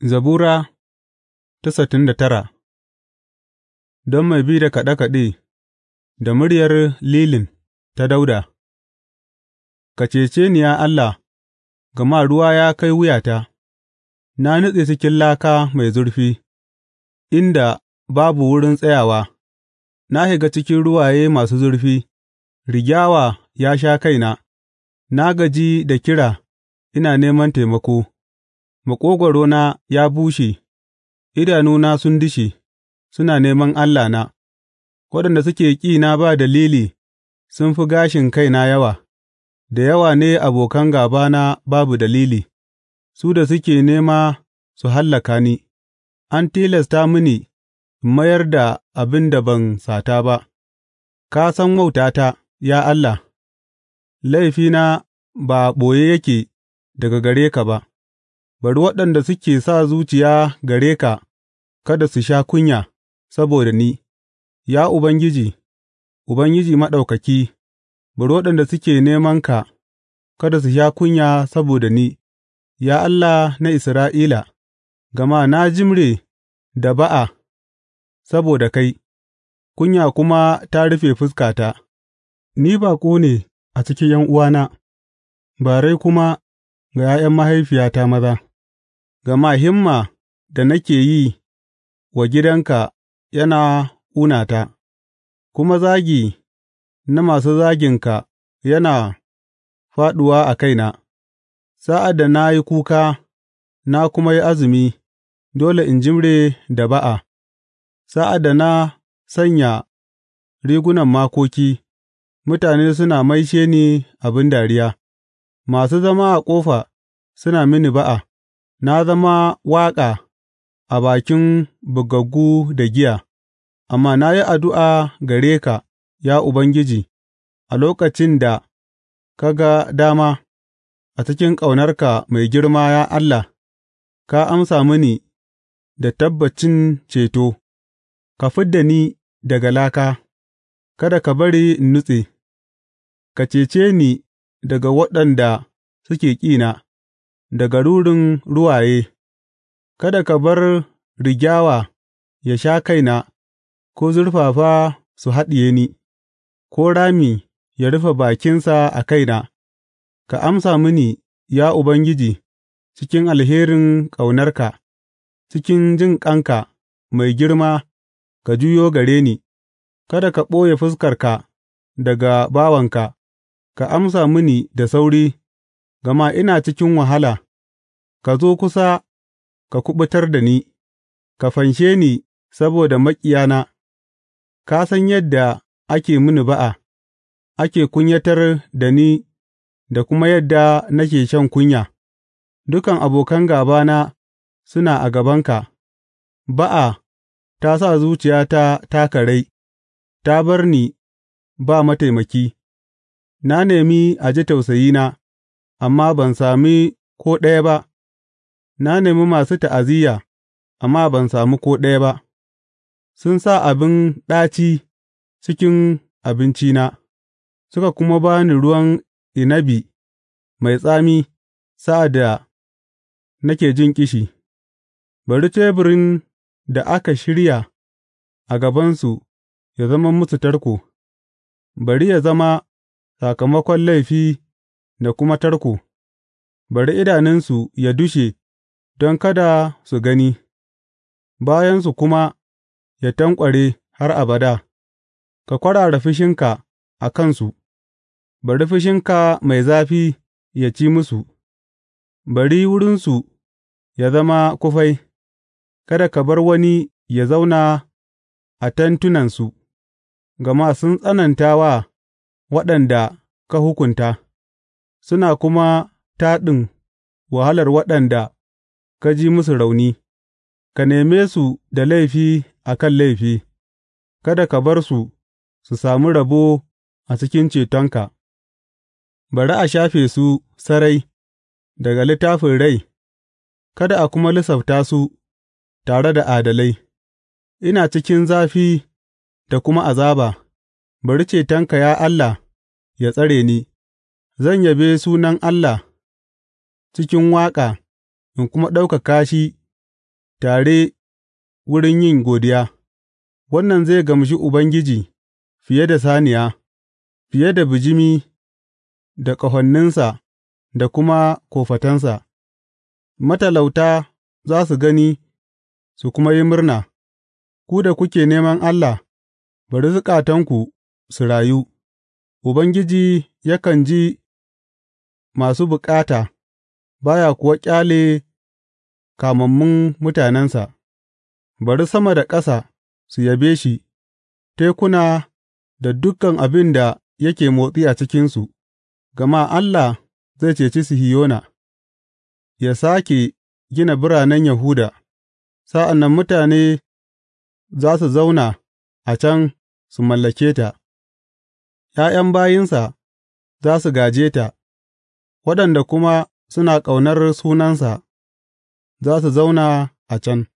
Zabura ta satin da tara Don mai bi da kaɗe kaɗe da muryar lilin ta Dauda. Ka cece ni, ya Allah, gama ruwa ya kai wuyata; na nutse cikin laka mai zurfi, inda babu wurin tsayawa, na shiga cikin ruwaye masu zurfi, rigyawa ya sha kaina, na gaji da kira ina neman taimako. maƙogwarona ya bushe, idanuna sun dishe, suna neman Allahna; waɗanda suke ƙina ba dalili sun fi gashin kaina yawa, da yawa ne abokan gābana babu dalili, su da suke nema su hallaka ni; an tilasta mini in mayar da abin da ban sata ba, ka san wautata, ya Allah, laifina ba a ɓoye yake daga gare ka ba. Bari waɗanda suke sa zuciya gare ka kada su sha kunya saboda ni; Ya Ubangiji, Ubangiji Maɗaukaki, bari waɗanda suke neman ka, kada su sha kunya saboda ni, ya Allah na Isra'ila, gama na jimre da ba'a saboda kai, kunya kuma ta rufe fuskata; ni baƙo ne a cikin ’yan'uwana, rai kuma ga ’ya'yan mahaifiyata maza. gama himma da nake yi wa gidanka yana ƙunata, kuma zagi na masu zaginka yana fāɗuwa a kaina; sa'ad da na yi kuka na kuma yi azumi, dole in jimre da ba'a, sa'ad da na sanya rigunan makoki, mutane suna maishe ni abin dariya; masu zama a ƙofa suna mini ba'a. Na zama waƙa a bakin bugaggu da giya, amma na yi addu'a gare ka, ya Ubangiji, a lokacin da ka ga dama, a cikin ƙaunarka mai girma, ya Allah, ka amsa mini da tabbacin ceto, ka fid da ni daga laka, kada ka bari in nutse, ka cece ni daga waɗanda suke ƙina. da garurin ruwaye; kada ka bar rigyawa ya sha kaina ko zurfafa su haɗiye ni, ko rami ya rufe bakinsa a kaina; ka amsa mini, ya Ubangiji, cikin alherin ƙaunarka, cikin jinƙanka mai girma ka juyo gare ni; kada ka ɓoye fuskarka daga bawanka, ka amsa mini da sauri. Gama ina cikin wahala, ka zo kusa ka kuɓutar da ni; ka fanshe ni saboda maƙiyana, ka san yadda ake mini ba'a, ake kunyatar da ni da kuma yadda nake shan kunya; dukan abokan gābana suna a gabanka, ba'a ta sa zuciyata ta karai, ta bar ni ba mataimaki; na nemi a ji tausayina. amma ban sami ko ɗaya ba, na nemi masu ta'aziyya, amma ban sami ko ɗaya ba, sun sa abin ɗaci cikin abincina, suka kuma ba ni ruwan inabi mai tsami sa'ad da nake jin ƙishi, bari teburin da aka shirya a gabansu ya zama musu tarko, bari ya zama sakamakon laifi. da kuma tarko, bari idanunsu ya dushe don kada su gani, bayansu kuma ya tanƙware har abada, ka kwarara fushinka a kansu, bari fushinka mai zafi ya ci musu, bari wurinsu ya zama kufai, kada ka bar wani ya zauna a tantunansu. gama sun tsananta wa waɗanda ka hukunta. suna kuma taɗin wahalar waɗanda ka ji musu rauni; ka neme su da laifi a kan laifi, kada ka bar su su sami rabo a cikin cetonka; bari a shafe su sarai daga littafin rai kada a kuma lissafta su tare da adalai; ina cikin zafi da kuma azaba, bari cetonka, ya Allah, ya tsare ni. Zan yabe sunan Allah cikin waƙa in kuma ɗaukaka shi tare wurin yin godiya; wannan zai gamshi Ubangiji fiye da saniya, fiye da bijimi da ƙahoninsa da kuma kofatansa; matalauta za su gani su kuma yi murna, ku da kuke neman Allah, bari zukatanku su rayu, Ubangiji yakan ji. masu bukata ba ya kuwa ƙyale kamammun mutanensa; bari sama da ƙasa su yabe shi, tekuna da dukan abin da yake motsi a cikinsu, gama Allah zai ceci Sihiyona, ya sake gina biranen Yahuda, sa'an nan mutane za su zauna a can su mallake ta, ’ya'yan bayinsa za su gāje ta. waɗanda kuma suna ƙaunar sunansa za su zauna a can.